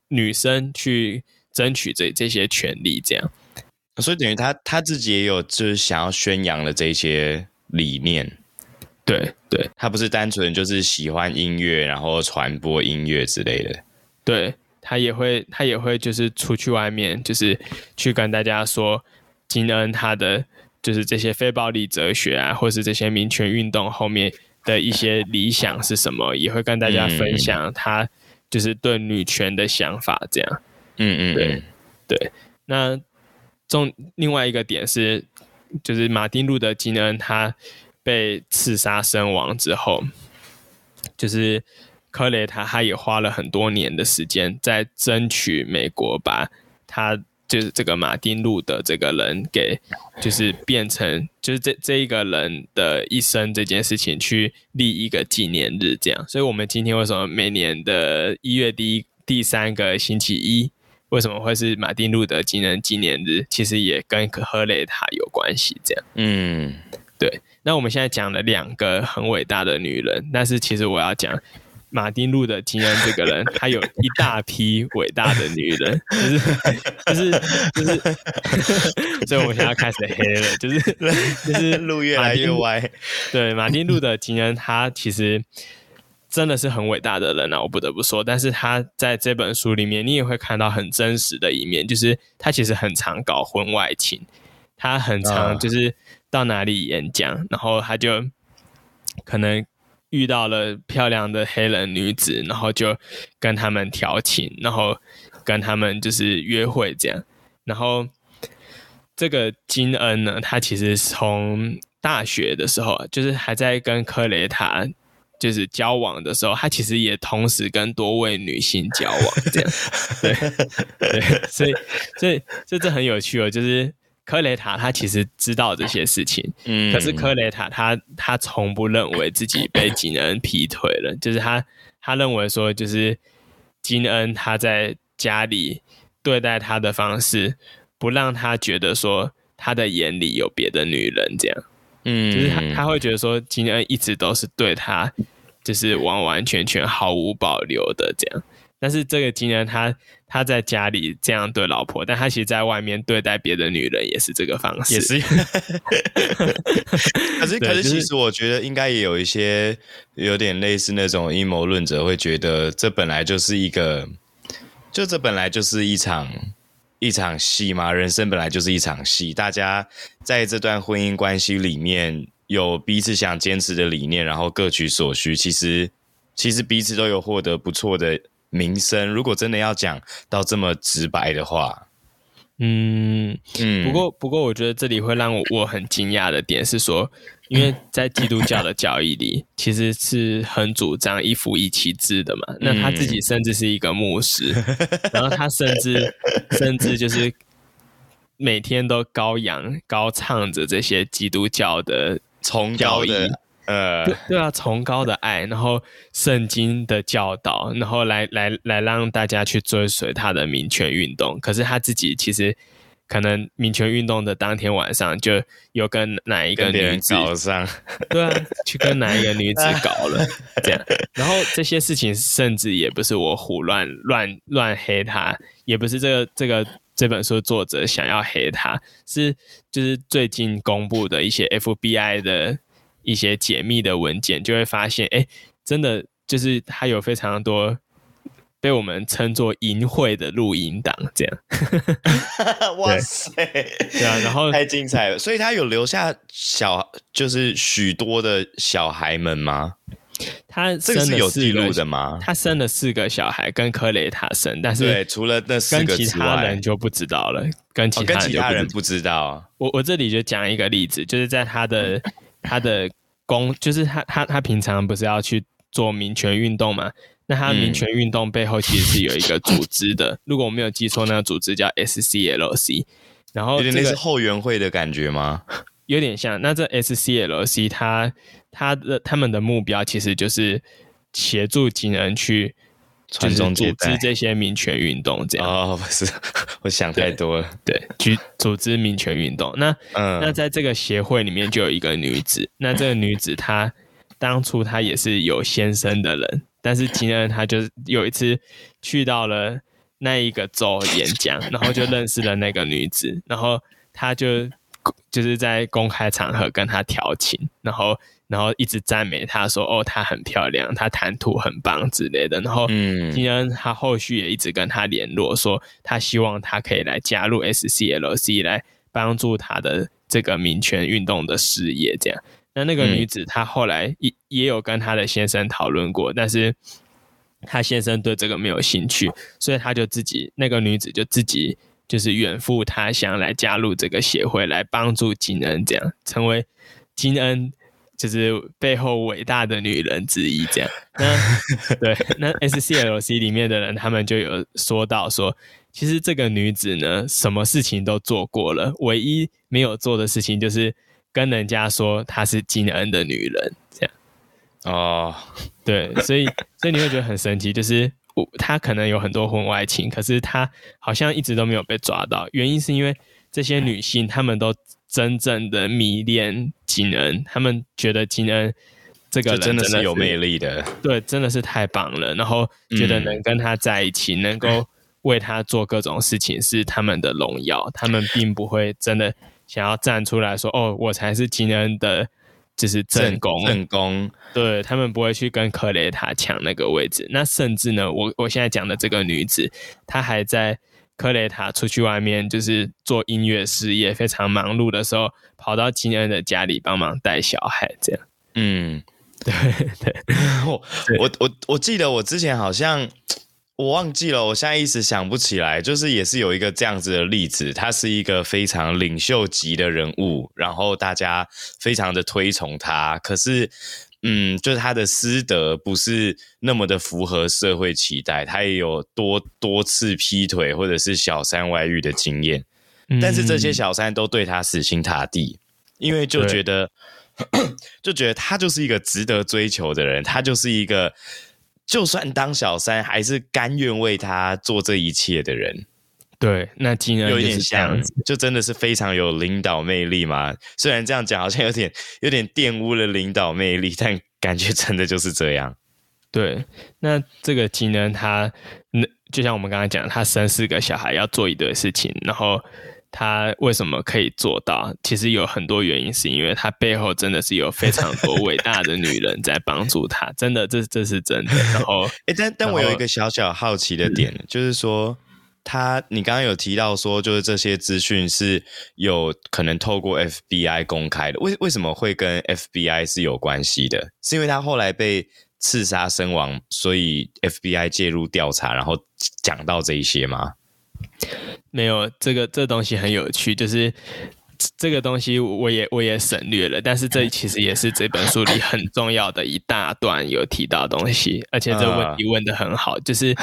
女生去爭取這這些權利，這樣，所以等於他他自己也有就是想要宣揚的這些理念，對對，他不是單純就是喜歡音樂，然後傳播音樂之類的，對，他也會他也會就是出去外面就是去跟大家說金恩他的。就是這些非暴力哲學啊，或是這些民權運動後面的一些理想是什麼，也會跟大家分享，他就是對女權的想法，這樣。嗯嗯，對對。那重另外一個點是，就是馬丁路德金恩他被刺殺身亡之後，就是科雷塔，他也花了很多年的時間在爭取美國把他。就是這個馬丁路德這個人給，就是變成就是這這一個人的一生這件事情去立一個紀念日這樣，所以我們今天為什麼每年的一月第一第三個星期一為什麼會是馬丁路德紀念紀念日？其實也跟克赫雷塔有關係這樣。嗯，對。那我們現在講了兩個很偉大的女人，但是其實我要講。馬丁路德金恩這個人， 他有一大批偉大的女人，就是就是就是，就是就是、 所以我現在開始黑了，就是 就是路越來越歪。 對，馬丁路德金恩，他其實真的是很偉大的人啊，我不得不說。但是他在這本書裡面，你也會看到很真實的一面，就是他其實很常搞婚外情，他很常就是到哪裡演講，啊，然後他就可能。遇到了漂亮的黑人女子，然後就跟他們調情，然後跟他們就是約會這樣。然後這個金恩呢，他其實從大學的時候，就是還在跟科雷塔就是交往的時候，他其實也同時跟多位女性交往這樣。 對，對，所以，所以，這這很有趣哦，就是。克雷塔他其實知道這些事情，嗯，可是克雷塔他他從不認為自己被金恩劈腿了，就是他他認為說，就是金恩他在家裡對待他的方式，不讓他覺得說他的眼裡有別的女人這樣，嗯，就是他他會覺得說金恩一直都是對他，就是完完全全毫無保留的這樣，但是這個金恩他。他在家裡這樣對老婆，但他其實在外面對待別的女人也是這個方式，也是 可是，可是，其實我覺得應該也有一些有點類似那種陰謀論者會覺得，這本來就是一個，就這本來就是一場一場戲嘛。人生本來就是一場戲，大家在這段婚姻關係裡面有彼此想堅持的理念，然後各取所需，其實其實彼此都有獲得不錯的。名聲，如果真的要講到這麼直白的話，嗯嗯，不過不過，我覺得這裡會讓我我很驚訝的點是說，因為在基督教的教義裡，其實是很主張一夫一妻制的嘛。那他自己甚至是一個牧師，嗯、然後他甚至 甚至就是每天都高揚高唱着這些基督教的崇高教義。呃，對啊，崇高的愛，然後聖經的教導，然後來來來讓大家去追隨他的民權運動。可是他自己其實可能民權運動的當天晚上就有跟哪一個女子，早上對啊， 去跟哪一個女子搞了、啊、這樣。然後這些事情甚至也不是我胡亂亂亂黑他，也不是這個這個這本書作者想要黑他，是就是最近公布的一些 FBI 的。一些解密的文件，就會發現，哎、欸，真的就是他有非常多被我們稱作淫穢的錄音檔，這樣。 哇塞，對。對啊，然後太精彩了。所以他有留下小，就是許多的小孩們嗎？他、這個、是有記錄的嗎？他生了四個小孩，跟科雷塔生，但是除了那四個其他人就不知道了。了跟其他、哦、跟其他人不知道。我我這裡就講一個例子，就是在他的。嗯他的工，就是他他他平常不是要去做民權運動嘛？那他民權運動背後其實是有一個組織的。嗯、 如果我沒有記錯、那個組織叫 SCLC。然後、這個、有點類似後援會的感覺嗎？有點像。那這 SCLC 他他的他們的目標其實就是協助金恩去。就是組織這些民權運動這樣哦，不是，我想太多了。對，組 組織民權運動。那嗯，那在這個協會裡面就有一個女子。那這個女子她當初她也是有先生的人，但是今天她就是有一次去到了那一個州演講， 然後就認識了那個女子，然後她就就是在公開場合跟她調情，然後。然後一直讚美她，說：“哦，她很漂亮，她談吐很棒之類的。”然後金恩他、嗯、後續也一直跟她聯絡說，說他希望她可以來加入 SCLC 來幫助他的這個民權運動的事業。這樣、嗯，那那個女子她後來也也有跟她的先生討論過，但是她先生對這個沒有興趣，所以她就自己那個女子就自己就是遠赴他鄉來加入這個協會，來幫助金恩，這樣成為金恩。就是背後偉大的女人之一，這樣。那對，那 SCLC 裡面的人，他們就有說到說，其實這個女子呢，什麼事情都做過了，唯一沒有做的事情就是跟人家說她是金恩的女人，這樣。哦，對，所以所以你會覺得很神奇，就是我她可能有很多婚外情，可是她好像一直都沒有被抓到，原因是因為這些女性、嗯、他們都真正的迷戀金恩，他們覺得金恩這個人真的是有魅力的，就真的是有魅力的，對，真的是太棒了。然後覺得能跟他在一起，嗯、能夠為他做各種事情是他們的榮耀。嗯、他們並不會真的想要站出來說：“ 哦，我才是金恩的，就是正宮。”正宮，對，他們不會去跟克雷塔搶那個位置。那甚至呢，我我現在講的這個女子，她還在。克雷塔出去外面就是做音樂事業非常忙碌的時候，跑到金恩的家裡幫忙帶小孩，這樣。嗯，對對，對，我我我我記得我之前好像，我忘記了，我現在一直想不起來，就是也是有一個這樣子的例子，他是一個非常領袖級的人物，然後大家非常的推崇他，可是。嗯，就是他的私德不是那麼的符合社會期待，他也有多多次劈腿或者是小三外遇的經驗，嗯，但是這些小三都對他死心塌地，因為就覺得就覺得他就是一個值得追求的人，他就是一個就算當小三還是甘願為他做這一切的人。對，那金恩有點像，就真的是非常有領導魅力嘛。雖然這樣講，好像有點有點玷污了領導魅力，但感覺真的就是這樣。對，那這個金恩他，他那就像我們剛才講，他生四個小孩要做一堆事情，然後他為什麼可以做到？其實有很多原因，是因為他背後真的是有非常多偉大的女人在幫助他。 真的，這是這是真的。然後，欸、但但我有一個小小好奇的點，是的就是說。他，你剛剛有提到說，就是這些資訊是有可能透過 FBI 公開的，為為什麼會跟 FBI 是有關係的？是因為他後來被刺殺身亡，所以 FBI 介入調查，然後講到這一些嗎？沒有，這個這個東西很有趣，就是。這個東西我也我也省略了，但是這其實也是這本書裡很重要的一大段有提到的東西，而且這個問題問得很好，uh, 就是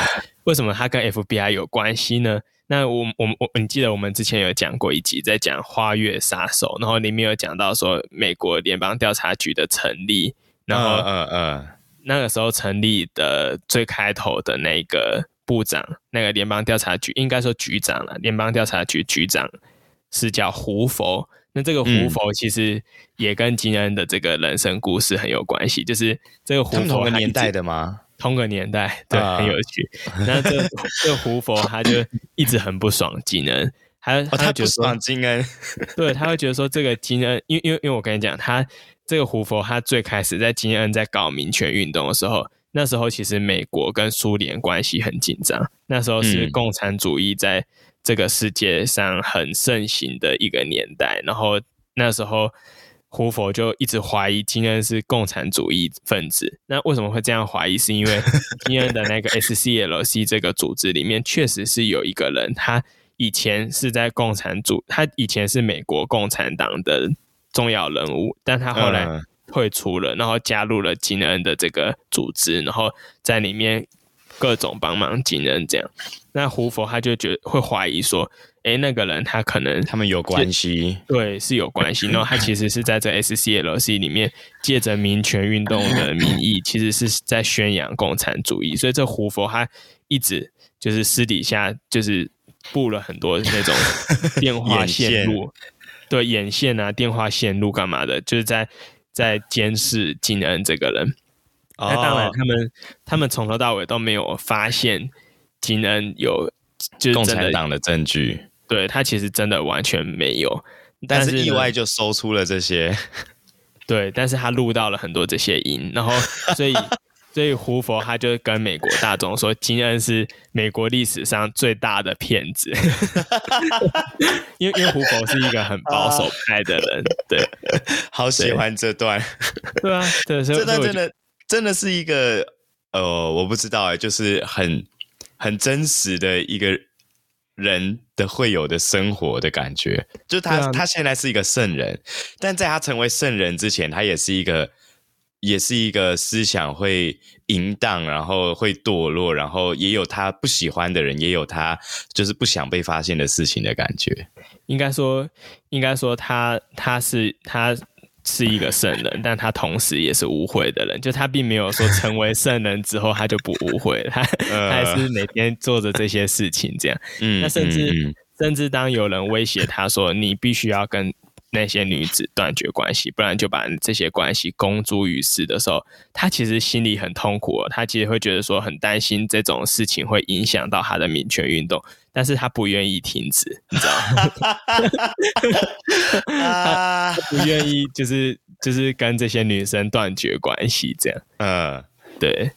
為什麼他跟 FBI 有關係呢？那我我我，你記得我們之前有講過一集，在講花月殺手，然後裡面有講到說美國聯邦調查局的成立，然後呃呃，那個時候成立的最開頭的那個部長，那個聯邦調查局應該說局長了，聯邦調查局局長。是叫胡佛，那這個胡佛其實也跟金恩的這個人生故事很有關係。嗯，就是這個胡佛同個年代的嗎？同個年代，對，啊、很有趣。那這個、 這個胡佛他就一直很不爽金恩，他他，覺得說、哦、他不爽金恩，對，他會覺得說這個金恩，因因為因為我跟你講，他這個胡佛他最開始在金恩在搞民權運動的時候，那時候其實美國跟蘇聯關係很緊張，那時候是共產主義在。嗯這個世界上很盛行的一個年代，然後那時候胡佛就一直懷疑金恩是共產主義分子。那為什麼會這樣懷疑？是因為金恩的那個 SCLC 這個組織裡面確實是有一個人，他以前是在共產主，他以前是美國共產黨的重要人物，但他後來退出了，嗯、然後加入了金恩的這個組織，然後在裡面。各種幫忙金恩這樣，那胡佛他就覺會懷疑說，哎、欸，那個人他可能他們有關係，對，是有關係。然後他其實是在這 SCLC 裡面借着民權運動的名義，其實是在宣揚共產主義。所以這胡佛他一直就是私底下就是布了很多那種電話線路 眼線，對，眼線啊，電話線路幹嘛的，就是在在監視金恩這個人。啊，當然他、哦，他們他們從頭到尾都沒有發現金恩有就是共產黨的證據，對，他其實真的完全沒有但，但是意外就搜出了這些，對，但是他錄到了很多這些音，然後所以所以胡佛他就跟美國大眾說，金恩是美國歷史上最大的騙子， 因為因為胡佛是一個很保守派的人，啊、對，好喜歡這段，對，對啊，對，所以，所以我覺得這段真的。真的是一個呃，我不知道哎、欸，就是很很真實的一個人的會有的生活的感覺。就他，啊、他現在是一個聖人，但在他成為聖人之前，他也是一個，也是一個思想會淫蕩，然後會墮落，然後也有他不喜歡的人，也有他就是不想被發現的事情的感覺。應該說，應該說他，他是他是他。是一個聖人，但他同時也是污穢的人。就他並沒有說成為聖人之後， 他就不污穢了，他、呃、他還是每天做着這些事情，這樣、嗯。那甚至、嗯嗯、甚至當有人威脅他說：“你必須要跟。”那些女子斷絕關係，不然就把這些關係公諸於世的時候，他其實心裡很痛苦、哦，他其實會覺得說很擔心這種事情會影響到他的民權運動，但是他不願意停止，你知道嗎？ 啊、不願意就是就是跟這些女生斷絕關係，這樣。嗯，對。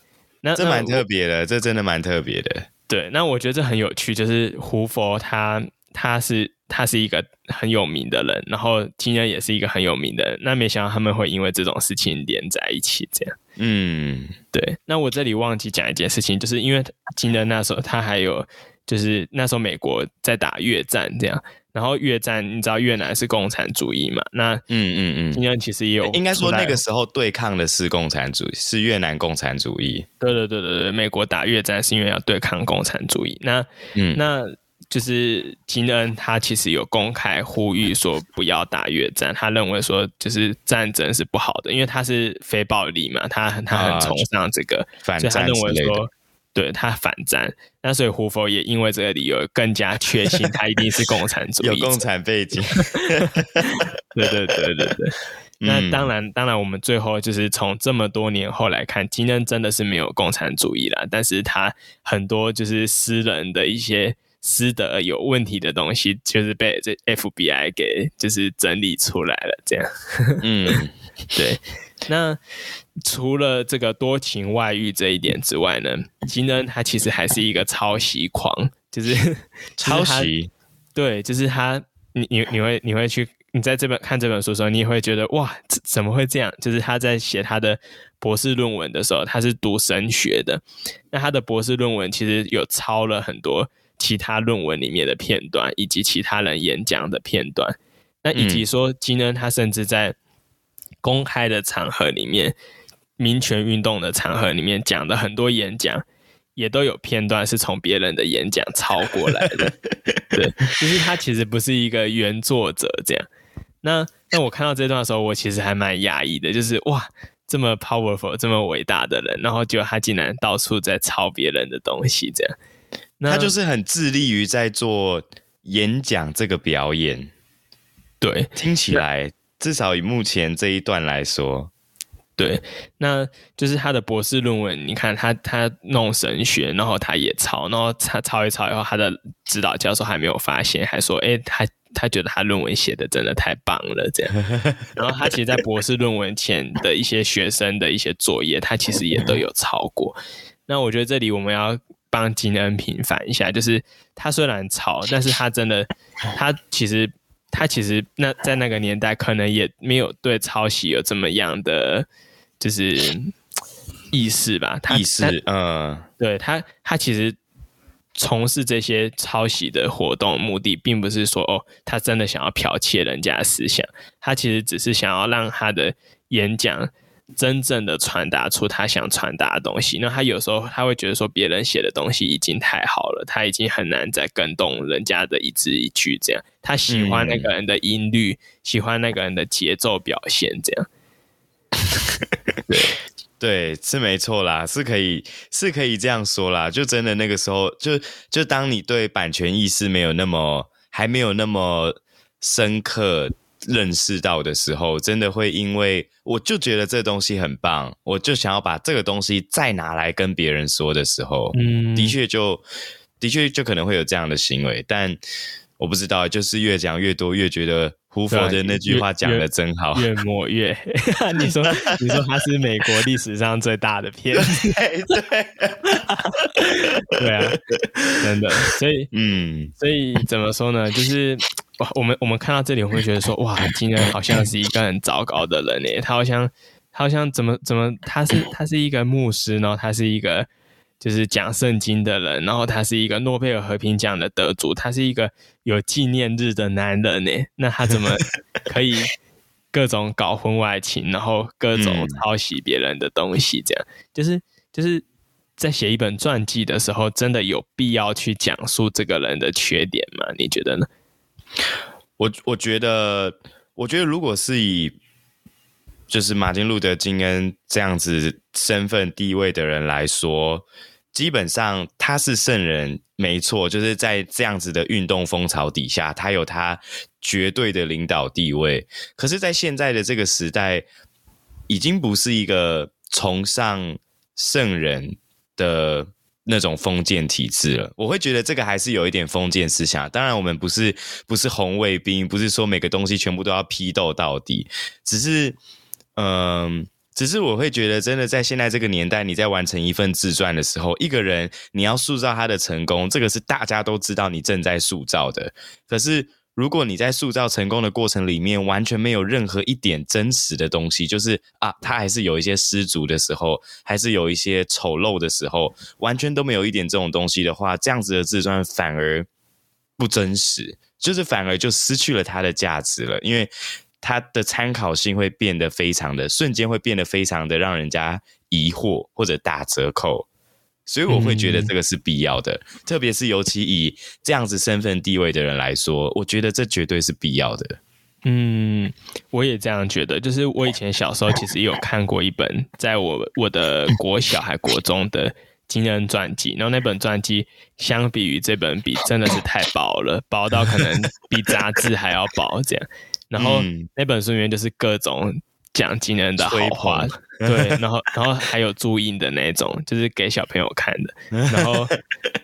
那這蠻特別的，這真的蠻特別的。對，那我覺得這很有趣，就是胡佛他。他是他是一個很有名的人，然後金恩也是一個很有名的人。那沒想到他們會因為這種事情連在一起，這樣。嗯，對。那我這裡忘記講一件事情，就是因為金恩那時候他還有，就是那時候美國在打越戰，這樣。然後越戰你知道越南是共產主義嘛？那嗯嗯嗯，金恩其實也有、嗯嗯。應該說那個時候對抗的是共產主義，是越南共產主義。對對對對對，美國打越戰是因為要對抗共產主義。那嗯，那。就是金恩，他其實有公開呼籲說不要打越戰，他認為說就是戰爭是不好的，因為他是非暴力嘛，他他很崇尚這個反戰，所以他認為說對他反戰。那所以胡佛也因為這個理由更加確信他一定是共產主義， 有共產背景。 對對對對對，那當然當然，我們最後就是從這麼多年後來看，金恩真的是沒有共產主義啦，但是他很多就是私人的一些。私德有問題的東西，就是被這 FBI 給就是整理出來了，這樣。嗯， 對。那除了這個多情外遇這一點之外呢，金恩他其實還是一個抄襲狂，就是抄襲。 對，就是他，你你你會你會去，你在這本看這本書的時候，你也會覺得哇，怎怎麼會這樣？就是他在寫他的博士論文的時候，他是讀神學的，那他的博士論文其實有抄了很多。其他論文裡面的片段，以及其他人演講的片段，那以及說金恩他甚至在公開的場合裡面，嗯、民權運動的場合裡面講的很多演講，也都有片段是從別人的演講抄過來的。 對，就是他其實不是一個原作者這樣。那那我看到這段的時候，我其實還蠻訝異的，就是哇，這麼 powerful，這麼偉大的人，然後就他竟然到處在抄別人的東西這樣。那他就是很致力於在做演講這個表演，對，聽起來至少以目前這一段來說，對，那就是他的博士論文。你看他，他弄神學，然後他也抄，然後他抄一抄以後，他的指導教授還沒有發現，還說：“哎，他他覺得他論文寫的真的太棒了。”這樣，然後他其實，在博士論文前的一些學生的一些作業， 他其實也都有抄過。那我覺得這裡我們要。幫金恩平反一下，就是他雖然抄，但是他真的，他其實他其實那在那個年代可能也沒有對抄襲有這麼樣的就是意識吧，他意識嗯，他對他他其實從事這些抄襲的活動的目的，並不是說哦，他真的想要剽竊人家的思想，他其實只是想要讓他的演講。真正的傳達出他想傳達的東西，那他有時候他會覺得說，別人寫的東西已經太好了，他已經很難再更動人家的一字一句這樣。他喜歡那個人的音律、嗯，喜歡那個人的節奏表現這樣。嗯、 對 對是沒錯啦，是可以是可以這樣說啦。就真的那個時候，就就當你對版權意識沒有那麼還沒有那麼深刻。認識到的時候，真的會因為我就覺得這東西很棒，我就想要把這個東西再拿來跟別人說的時候，嗯、的確就的確就可能會有這樣的行為。但我不知道，就是越講越多，越覺得胡佛的那句話講得真好，越抹越。越越越 你說，你說他是美國歷史上最大的騙子？ 對,對,對, 對啊，真的。所以，嗯，所以怎麼說呢？就是。我，我們我們看到這裡，我會覺得說，哇，金恩好像是一個很糟糕的人誒。他好像，他好像怎麼怎麼，他是他是一個牧師呢，然後他是一個就是講聖經的人，然後他是一個諾貝爾和平獎的得主，他是一個有紀念日的男人呢。那他怎麼可以各種搞婚外情， 然後各種抄襲別人的東西，這樣，就是就是在寫一本傳記的時候，真的有必要去講述這個人的缺點嗎？你覺得呢？我我覺得，我覺得如果是以就是馬丁路德金恩這樣子身份地位的人來說，基本上他是聖人，沒錯，就是在這樣子的運動風潮底下，他有他絕對的領導地位。可是，在現在的這個時代，已經不是一個崇尚聖人的。那種封建體制了，我會覺得這個還是有一點封建思想。當然，我們不是不是紅衛兵，不是說每個東西全部都要批鬥到底。只是，嗯、呃，只是我會覺得，真的在現在這個年代，你在完成一份自傳的時候，一個人你要塑造他的成功，這個是大家都知道你正在塑造的。可是。如果你在塑造成功的過程裡面，完全沒有任何一點真實的東西，就是啊，他還是有一些失足的時候，還是有一些醜陋的時候，完全都沒有一點這種東西的話，這樣子的自傳反而不真實，就是反而就失去了它的價值了，因為它的參考性會變得非常的，瞬間會變得非常的讓人家疑惑或者打折扣。所以我會覺得這個是必要的，嗯、特別是尤其以這樣子身份地位的人來說，我覺得這絕對是必要的。嗯，我也這樣覺得。就是我以前小時候其實有看過一本，在我我的國小還國中的金恩傳記，然後那本傳記相比於這本比真的是太薄了，薄到可能比雜誌還要薄這樣。然後那本書裡面就是各種。講金恩的好話，對，然後然後還有注音的那種， 就是給小朋友看的。然後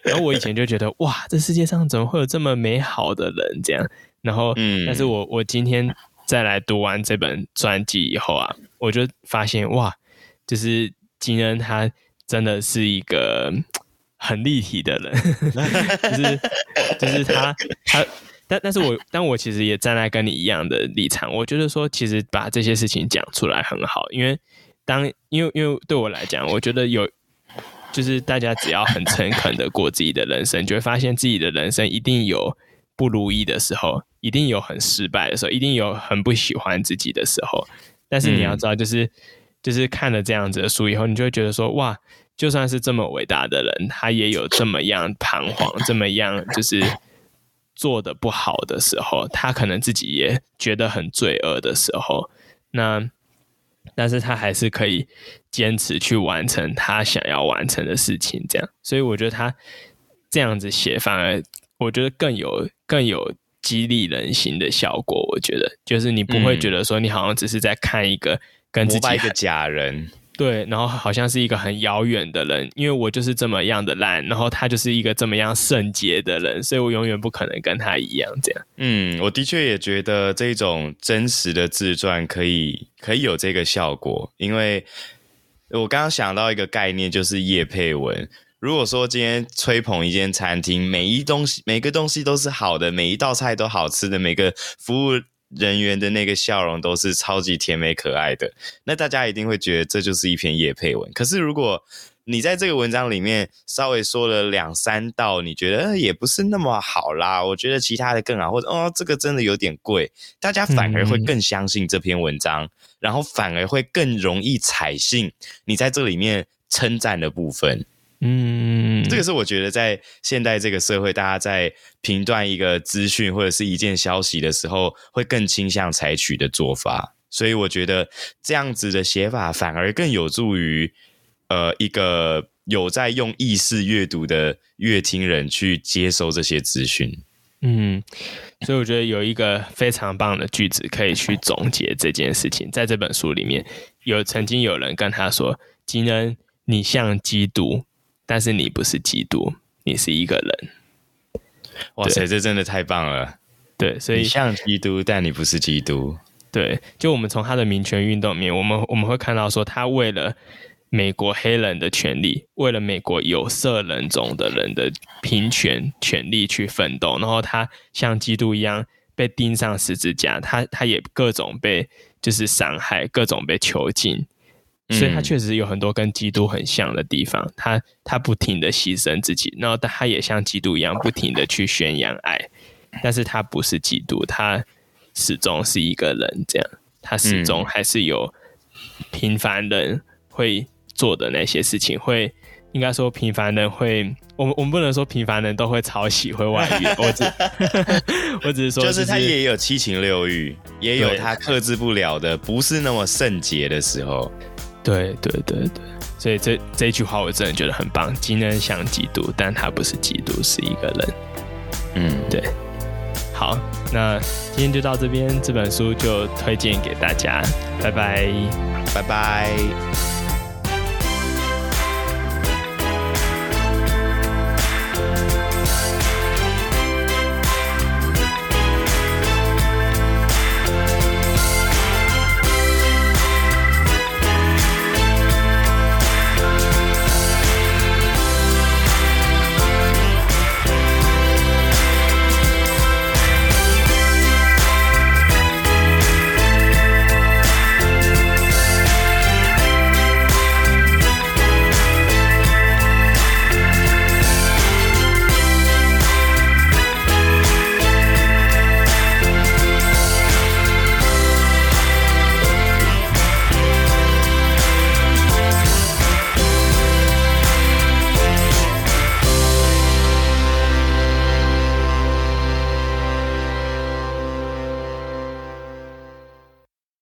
然後我以前就覺得，哇，這世界上怎麼會有這麼美好的人？這樣，然後，嗯，但是我、嗯、我今天再來讀完這本傳記以後啊，我就發現，哇，就是金恩他真的是一個很立體的人， 就是就是他他。但，但是我，但我其實也站在跟你一樣的立場。我覺得說，其實把這些事情講出來很好，因為當，因為，因為對我來講，我覺得有，就是大家只要很誠懇的過自己的人生，就會發現自己的人生一定有不如意的時候，一定有很失敗的時候，一定有很不喜歡自己的時候。但是你要知道，就是、嗯，就是看了這樣子的書以後，你就會覺得說，哇，就算是這麼偉大的人，他也有這麼樣彷徨，這麼樣就是。做得不好的時候，他可能自己也覺得很罪惡的時候，那但是他還是可以堅持去完成他想要完成的事情，這樣。所以我覺得他這樣子寫，反而我覺得更有更有激勵人心的效果。我覺得就是你不會覺得說你好像只是在看一個、嗯、跟自己一個假人。對，然後好像是一個很遙遠的人，因為我就是這麼樣的爛，然後他就是一個這麼樣聖潔的人，所以我永遠不可能跟他一樣這樣。嗯，我的確也覺得這種真實的自傳可以可以有這個效果，因為我剛剛想到一個概念，就是業配文。如果說今天吹捧一間餐廳，每一東西、每個東西都是好的，每一道菜都好吃的，每個服務。人員的那個笑容都是超級甜美可愛的，那大家一定會覺得這就是一篇業配文。可是如果你在這個文章裡面稍微說了兩三道，你覺得、呃、也不是那麼好啦，我覺得其他的更好，或者哦這個真的有點貴，大家反而會更相信這篇文章，嗯、然後反而會更容易採信你在這裡面稱讚的部分。嗯，這個是我覺得在現代這個社會，大家在評斷一個資訊或者是一件消息的時候，會更傾向採取的做法。所以我覺得這樣子的寫法反而更有助於，呃，一個有在用意識閱讀的閱聽人去接收這些資訊。嗯，所以我覺得有一個非常棒的句子可以去總結這件事情，在這本書裡面有曾經有人跟他說：“金恩，你像基督。”但是你不是基督，你是一個人。哇塞，這真的太棒了！對，所以像基督，但你不是基督。對，就我們從他的民權運動裡面，我們我們會看到說，他為了美國黑人的權利，為了美國有色人種的人的平權權利去奮鬥，然後他像基督一樣被釘上十字架，他他也各種被就是傷害，各種被囚禁。所以他確實有很多跟基督很像的地方，嗯、他他不停的犧牲自己，然後但他也像基督一樣不停的去宣揚愛，但是他不是基督，他始終是一個人，這樣他始終還是有平凡人會做的那些事情，嗯、會應該說平凡人會，我們我們不能說平凡人都會抄襲會外遇，我只 我只是說、就是，就是他也有七情六欲，也有他克制不了的，不是那麼聖潔的時候。對對對對，所以這這一句話我真的覺得很棒。今天像基督，但他不是基督，是一個人。嗯，對。好，那今天就到這邊，這本書就推薦給大家。拜拜，拜拜。